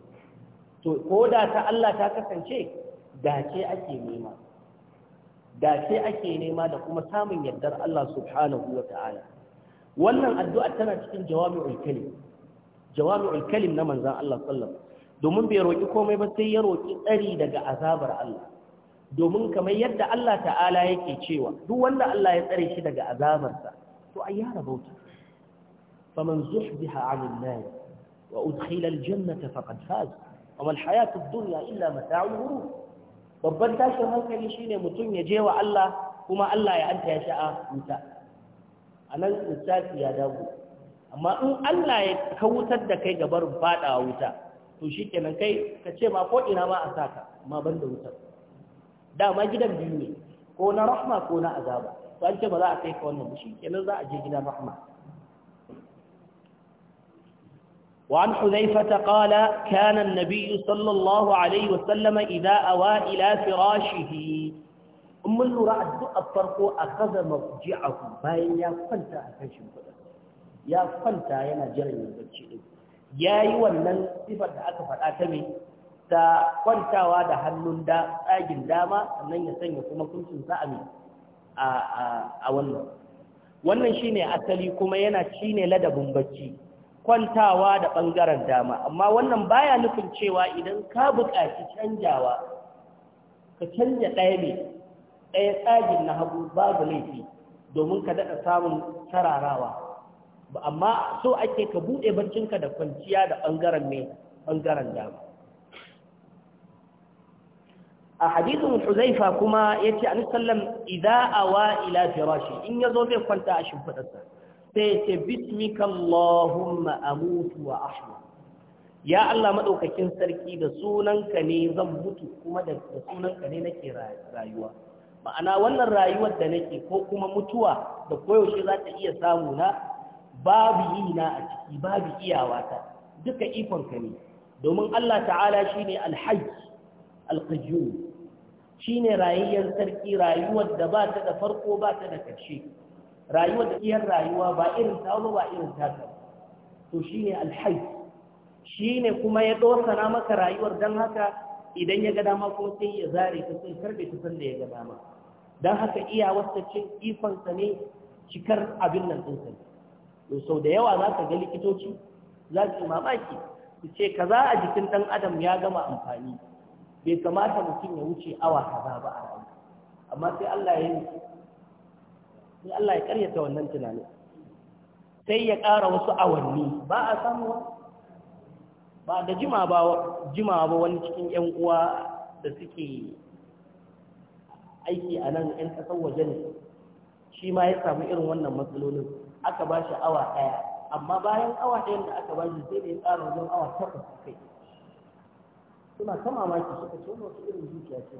[SPEAKER 1] to ko da ta Allah ta kasance dace ake nema dace ake nema da kuma samun yardar Allah subhanahu wa ta'ala wannan addu'a tana cikin jawami'ul kalim jawami'ul kalim na manzon Allah sallallahu alaihi wasallam domin bai roki komai ba sai ya roki tsari daga azabar Allah domin kamar yadda Allah ta'ala yake cewa duk wanda Allah ya tsare shi daga azabarsa to ai ya rabauta faman zuhbiha 'anil nar wa udkhila al-jannata faqad faz wa mal hayatu ad-dunya illa mata'ul ghurur babban tashin hankali shine mutum ya je wa Allah kuma Allah ya anta ya sha'a wuta anan lissafi ya dago amma in Allah ya kawutar da kai gabarin fada wuta to shikenan kai ka ce ma ko ina ma a saka ma banda wutar dama gidan biyu ne ko na rahma ko na azaba to an ce ba za a kai ka wannan bushi kenan za a je gidan rahma وعن حذيفة قال كان النبي صلى الله عليه وسلم إذا أوى إلى فراشه أم النراء الدعاء الطرق أخذ مرجعه باين يا فلتا أكشم يا فلتا ينا جري من بجئ يا يوانا صفة أكفت أكمي da kwantawa da hannun da tsagin dama sannan ya sanya kuma kuncin sa'ami a wannan wannan shine asali kuma yana shine ladabin bacci kwantawa da ɓangaren dama amma wannan baya nufin cewa idan ka buƙaci canjawa ka canja ɗaya ne ɗaya tsagin na hagu babu laifi domin ka daɗa samun sararawa amma so ake ka buɗe barcinka da kwanciya da ɓangaren ne ɓangaren dama a hadithin huzaifa kuma ya ce anisallam idan awa ila firashi in ya zo zai kwanta a shimfiɗarsa sai ya ce bismika Allahumma wa ahya ya Allah maɗaukakin sarki da sunanka ne zan mutu kuma da sunanka ne nake rayuwa ma'ana wannan rayuwar da nake ko kuma mutuwa da koyaushe za ta iya samu na babu yi na a ciki babu iyawata duka ikonka ne domin Allah ta'ala shine alhajj alqayyum shine rayuwar sarki rayuwar da ba ta da farko ba ta da ƙarshe rayuwar da iyar rayuwa ba irin ta ba ba irin ta ta to shine alhai shine kuma ya na maka rayuwar don haka idan ya ga dama kuma sai ya zare ta sai karbe ta san da ya ga dama don haka iya wasta cin ne cikar abin nan din sa to sau da yawa za ka ga likitoci za su mamaki su ce kaza a jikin ɗan adam ya gama amfani bai kamata mutum ya wuce awa kaza ba a rayu amma sai Allah ya yi sai Allah ya karyata wannan tunanin sai ya ƙara wasu awanni ba a samu ba da jima ba wani cikin 'yan uwa da suke aiki a nan 'yan ƙasar waje ne shi ma ya samu irin wannan matsalolin aka ba shi awa ɗaya amma bayan awa ɗayan da aka ba shi sai da ya ƙara wajen awa takwas kai suna ta mamaki suka ce wani wasu irin zuciya ce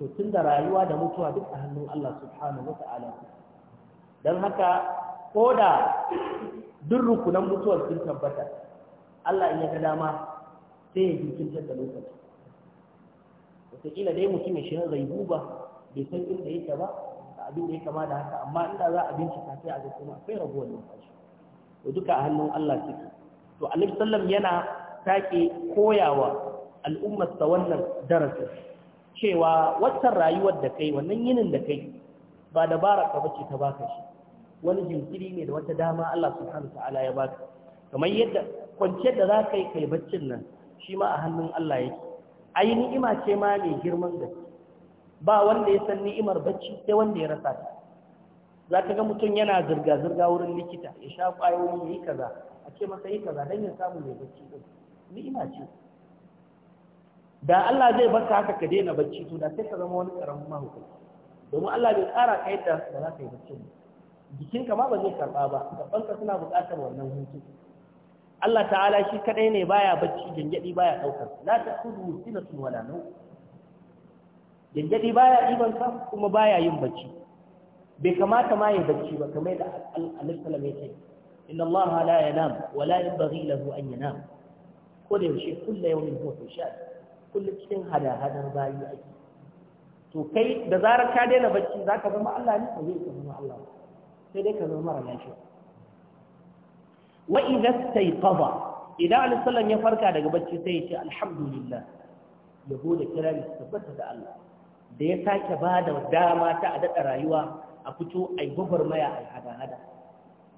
[SPEAKER 1] to tun da rayuwa da mutuwa duk a hannun Allah subhanahu wa ta'ala don haka ko da duk rukunan mutuwar sun tabbata Allah in ya ga dama sai ya jinkirtar da lokaci wataƙila dai mutum ya shirin raibu ba bai san inda yake ba da abin da ya kama da haka amma inda za a bincika sai a ga kuma akwai ragowar numfashi to duka a hannun Allah suke to alif sallam yana sake koyawa al'ummarsa wannan darasin cewa wata rayuwar da kai wannan yinin da kai ba dabara ka bace ta baka shi wani jinkiri ne da wata dama Allah subhanahu ta'ala ya baka kamar yadda kwanciyar da za ka kai baccin nan shi ma a hannun Allah yake ai ni'ima ce ma mai girman gaske ba wanda ya san ni'imar bacci sai wanda ya rasa ta za ka ga mutum yana zirga-zirga wurin likita ya sha ƙwayoyi ya yi kaza a ce masa yi kaza don ya samu mai bacci ɗin ni'ima ce da Allah zai baka haka ka daina bacci to da sai ka zama wani karamin mahaukaci. domin Allah bai tsara ka yadda ba za ka yi bacci ba jikinka ma ba zai karɓa ba gabanka suna buƙatar wannan hutu Allah ta'ala shi kadai ne baya bacci gangadi baya daukar la ta'khudhu sinatun wala nau gangadi baya iban ka kuma baya yin bacci bai kamata ma ya bacci ba kamar da Allah sallallahu alaihi wasallam yake inna Allah la yanam wala yabghi lahu an yanam ko da yaushe kulla yau min hoto sha kulla cikin hada-hadar bayi ake to kai da zarar ka daina bacci za ka zama Allah ne ko zai ka zama Allah sai dai ka zama mara lafiya wa idza stayqadha idan Ali Sallam ya farka daga bacci sai ya ce alhamdulillah yabo da kirari tabbata da Allah da ya sake ba da dama ta a daɗa rayuwa a fito a yi gwagwarmaya a hada-hada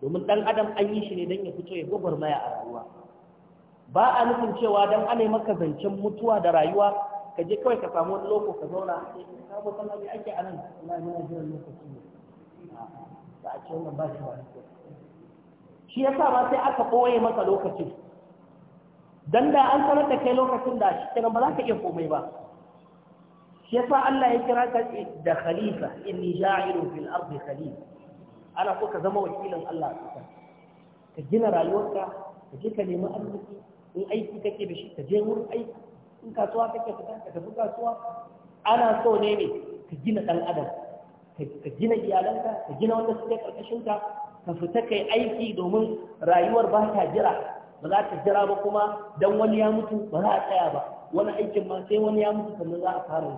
[SPEAKER 1] domin ɗan adam an yi shi ne don ya fito ya gwagwarmaya a rayuwa ba a nufin cewa don ana yi maka zancen mutuwa da rayuwa ka je kawai ka samu wani loko ka zauna eh, ka bo kana me ake nan, ina nuna jiran lokaci ne ba a ce wannan ba shi ba shi yasa ba sai aka koye maka lokacin dan da an sanar da kai lokacin da shi kenan ba za ka iya komai ba shi yasa Allah ya kira ka da khalifa inni ja'ilu fil ardi khalifa ana so ka zama wakilin Allah ka gina rayuwarka ka je ka nemi arziki in aiki kake da shi ka je wurin aiki in kasuwa kake fita ka tafi kasuwa ana so ne ne ka gina ɗan adam ka gina iyalanka ka gina wanda suke karkashin ka fita kai aiki domin rayuwar ba ta jira ba za ta jira ba kuma don wani ya mutu ba za a tsaya ba wani aikin ma sai wani ya mutu sannan za a fara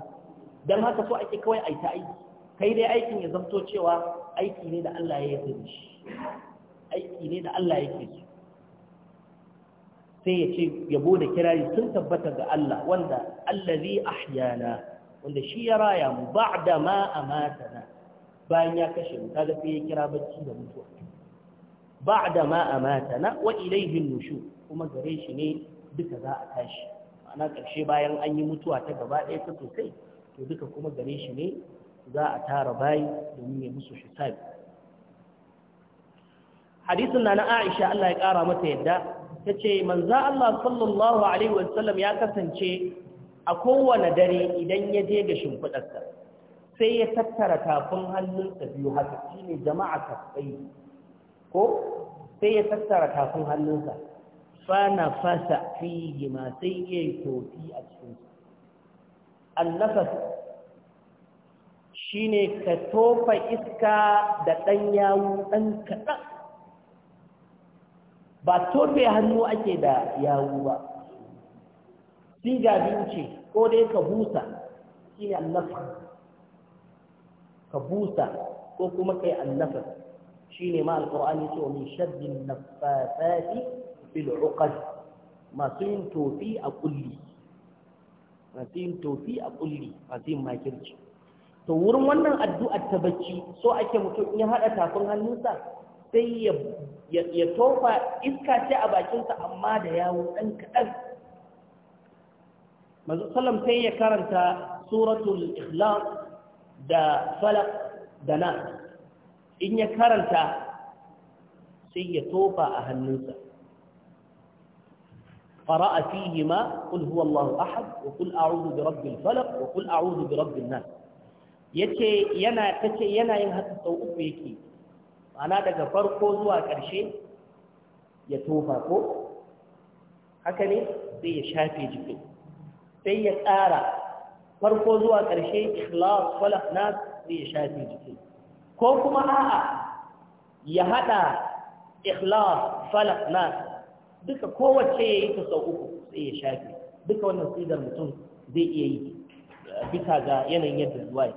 [SPEAKER 1] don haka so ake kawai aita aiki kai dai aikin ya zanto cewa aiki ne da Allah ya yi shi aiki ne da Allah yake so sai ya ce yabo da kirari sun tabbata ga Allah wanda allazi ahyana wanda shi ya raya mu ba'da ma amatana bayan ya kashe mu kaga sai ya kira bacci da mutuwa ba'da ma amatana wa ilayhi nushu kuma gare shi ne duka za a tashi ma'ana karshe bayan an yi mutuwa ta gaba ɗaya ta sosai to duka kuma gare shi ne za a tara bayi domin ya musu hisabi
[SPEAKER 2] hadisin na na Aisha Allah ya kara
[SPEAKER 1] mata yadda ta ce manza Allah sallallahu Alaihi wasallam ya kasance a kowane dare idan ya je ga shimfiɗarsa sai ya tattara tafin hannunsa biyu haka shi ne jama'a kasai ko sai ya tattara tafin hannunsa fana fasa fiye ma sai ya yi tofi a cikinsu annafas shi ne ka tofa iska da ɗan yawu ɗan kaɗan ba tofe hannu ake da yawu ba siga biyu ce ko dai ka busa shi ne annafa ka busa ko kuma kai annafa shi ne ma alƙur'ani ce wani shaddin nafasati bil uqad masu yin tofi a kulli masu yin tofi a kulli masu yin makirci to wurin wannan addu'ar ta bacci so ake mutum in ya haɗa tafin hannunsa sai ya tofa iska ce a bakinsa amma da yawo ɗan kaɗan mazu salam sai ya karanta suratul ikhlas da falak da nas in ya karanta sai ya tofa a hannunsa قرأ فيهما قل هو الله أحد وقل أعوذ برب الفلق وقل أعوذ برب الناس yace yana tace yana yin haka sau uku yake ma'ana daga farko zuwa ƙarshe ya tofa ko haka ne sai ya shafe jikin sai ya tsara farko zuwa ƙarshe ikhlas wala nas sai ya shafe jikin ko kuma a'a ya hada ikhlas wala nas duka kowace yayi ta sau uku sai ya shafe duka wannan sidar mutum zai iya yi uh, bisa ga yanayin yadda zuwa ya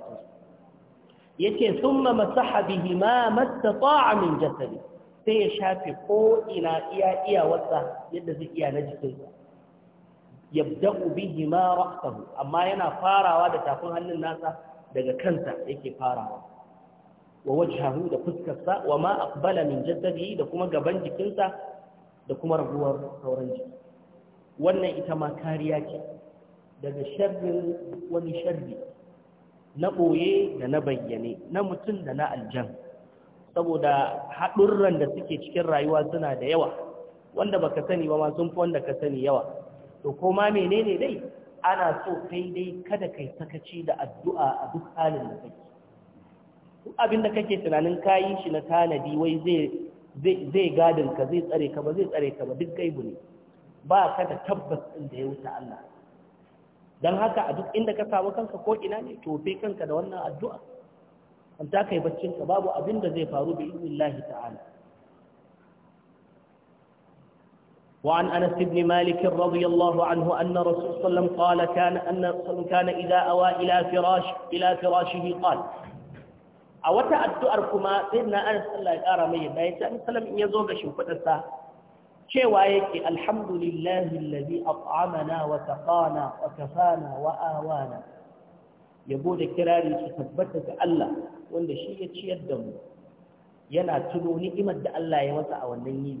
[SPEAKER 1] yace thumma masaha bihi ma mastata'a min jasadi sai ya shafe ko ina iya iya wasa yadda zai iya na jikinsa yabda'u bihi ma ra'sahu amma yana farawa da tafin hannun nasa daga kansa yake farawa wa wajhahu da fuskarsa wa ma aqbala min jasadihi da kuma gaban jikinsa da kuma raguwar sauran jiki wannan ita ma kariya ce daga sharrin wani sharri na ɓoye da na bayyane na mutum da na aljan saboda haɗurran da suke cikin rayuwa suna da yawa wanda baka sani ba ma sun fi wanda ka sani yawa to koma menene dai ana so kai dai kada kai sakaci da addu'a a duk halin da kake duk abin da kake tunanin kayi shi na tanadi wai zai zai gadin ka zai tsare ka ba zai tsare ka ba duk gaibu ne ba ka da tabbas ɗin da ya wuce Allah don haka a duk inda ka samu kanka ko ina ne tofe kanka da wannan addu'a an ta kai baccinka babu abin da zai faru bi iznillahi ta'ala وعن أنس بن مالك رضي الله عنه أن رسول صلى الله عليه وسلم قال كان أن كان إذا أوى إلى فراش إلى فراشه قال أوت أدعركما سيدنا أنس الله يقرأ مين لا يسأل سلم إن يزوج شوفتها cewa yake alhamdulillahi alladhi at'amana wa taqana wa kafana wa awana yabo da kirari su tabbata ga Allah wanda shi ya ciyar da mu yana tuno ni'imar da Allah ya masa a wannan yini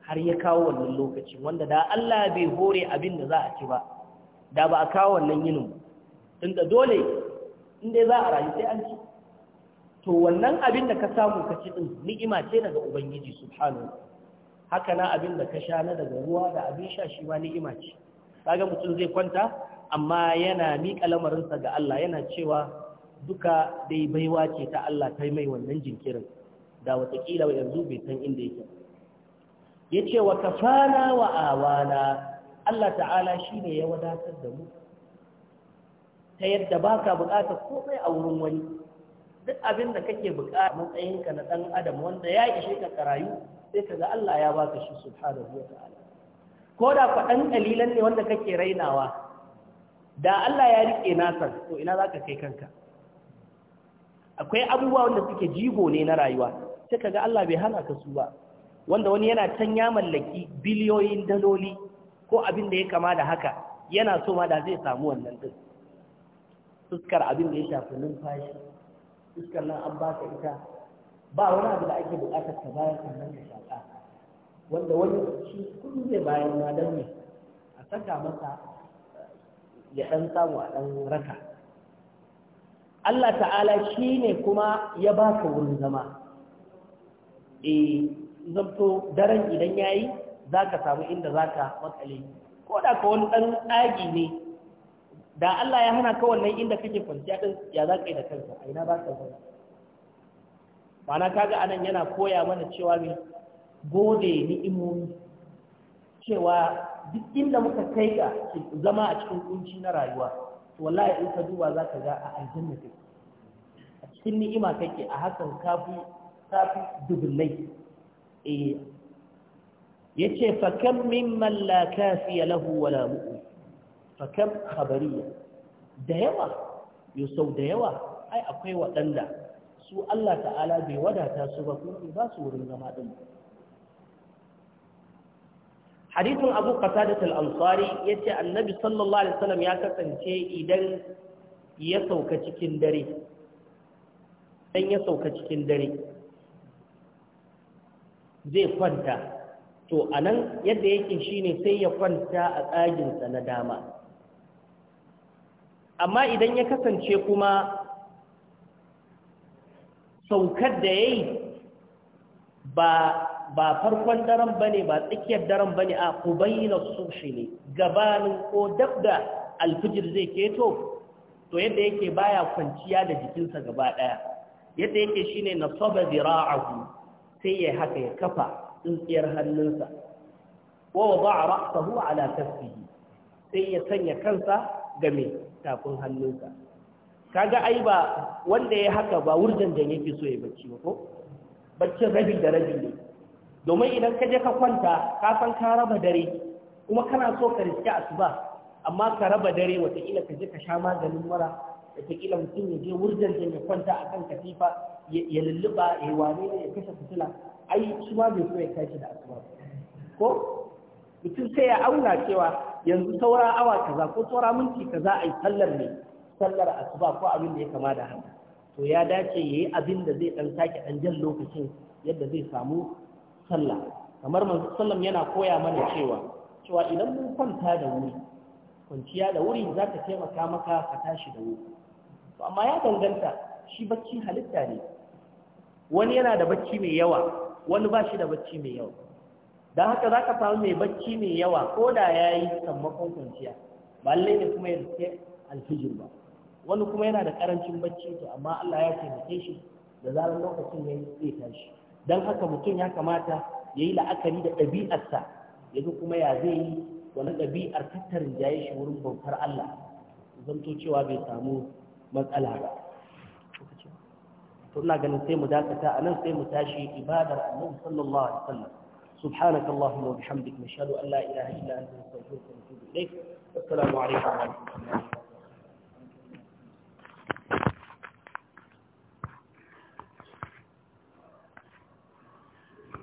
[SPEAKER 1] har ya kawo wannan lokaci wanda da Allah bai hore abin da za a ci ba da ba a kawo wannan yinin ba tunda dole in dai za a rayu sai an ci to wannan abin da ka samu ka ci din ni'ima ce daga ubangiji subhanahu haka na abin da ka sha na daga ruwa da abin sha shi ma ni'ima ce kaga mutum zai kwanta amma yana miƙa lamarinsa ga Allah yana cewa duka dai baiwa ce ta Allah ta mai wannan jinkirin da watakila yanzu bai san inda yake ya ce wa kafana wa awana Allah ta'ala shi ne ya wadatar da mu ta yadda ba ka komai a wurin wani duk abin da kake bukata matsayinka na dan adam wanda ya ishe ka karayu sai ka ga Allah ya baka shi subhanahu wata'ala ko da faɗan dan ne wanda kake rainawa da Allah ya rike nasar to ina zaka kai kanka akwai abubuwa wanda suke jigo ne na rayuwa sai ka ga Allah bai hana ka su ba wanda wani yana can ya mallaki biliyoyin daloli ko abin da ya kama da haka yana so ma da zai samu wannan din fuskar abin da ya shafi numfashi iskar nan an baka ita ba wani abu da ake buƙatar ka bayan sannan ka shaƙa wanda wani shi kudu zai bayan ma don ne a saka masa ya ɗan samu a ɗan raka
[SPEAKER 2] Allah ta'ala
[SPEAKER 1] shi ne kuma ya baka wurin zama e zamto daren idan ya yi za ka samu inda za ka matsale ko da ka wani ɗan ɗagi ne da Allah ya hana ka wannan inda kake kwanciya din ya za ka yi da kanka a ina ba ka zauna ma'ana kaga anan yana koya mana cewa ne gode ni'imomi cewa duk inda muka kai ka zama a cikin kunci na rayuwa to wallahi in ka duba za ka ga a aljanna kake a cikin ni'ima kake a hakan kafi kafi dubulai eh yace fa kam mimman la kafiya lahu wala mu'min fakam khabariya da yawa yau sau da yawa ai akwai waɗanda su Allah ta'ala bai wadata su ba kuma ba su wurin zama ɗin hadithun abu qatadat al-ansari yace annabi sallallahu alaihi wasallam ya kasance idan ya sauka cikin dare dan ya sauka cikin dare zai kwanta to anan yadda yake shine sai ya kwanta a tsaginsa na dama amma idan ya kasance kuma saukar da ya yi ba farkon daren ba ne ba tsakiyar daren ba ne a kubayinar sushi ne gabanin ko dab da alfijir zai keto to yadda yake baya kwanciya da jikinsa gaba ɗaya yadda yake shi ne na saba zira'ahu sai ya haka ya kafa tsintsiyar hannunsa ko ba a ra'asahu ala tafiye sai ya sanya kansa game tafin hannunsa kaga ai ba wanda ya haka ba wurjan da yake so ya bacci ba ko baccin rabi da rabi ne domin idan ka je ka kwanta ka san ka raba dare kuma kana so ka riske asuba amma ka raba dare wataƙila ka je ka sha maganin mura wataƙila mutum ya je wurjan da ya kwanta a kan katifa ya lulluba ya wane ne ya kashe fitila ai shi ma bai so ya tashi da asuba ko mutum sai ya auna cewa yanzu saura awa kaza ko saura minti kaza ai sallar ne sallar asuba ko abin da ya kama da haka to ya dace ya yi abin da zai ɗan sake ɗan jan lokacin yadda zai samu sallah kamar manzo sallam yana koya mana cewa cewa idan mun kwanta da wuri kwanciya da wuri za ta taimaka maka ka tashi da wuri to amma ya danganta shi bacci halitta ne wani yana da bacci mai yawa wani ba shi da bacci mai yawa don haka za ka samu mai bacci mai yawa ko da ya yi sammakon kwanciya ba lallai ne kuma ya rike alfijir ba wani kuma yana da karancin bacci to amma Allah ya taimake shi da zarar lokacin ya zai tashi don haka mutum ya kamata ya yi la'akari da ɗabi'arsa ya kuma ya zai yi wani ɗabi'ar tattarin ya shi wurin bautar Allah zanto cewa bai samu matsala ba to ina ganin sai mu dakata anan sai mu tashi ibadar annabi sallallahu alaihi wasallam سبحانك اللهم وبحمدك نشهد أن لا إله إلا أنت نستغفرك ونتوب إليك والسلام عليكم ورحمة الله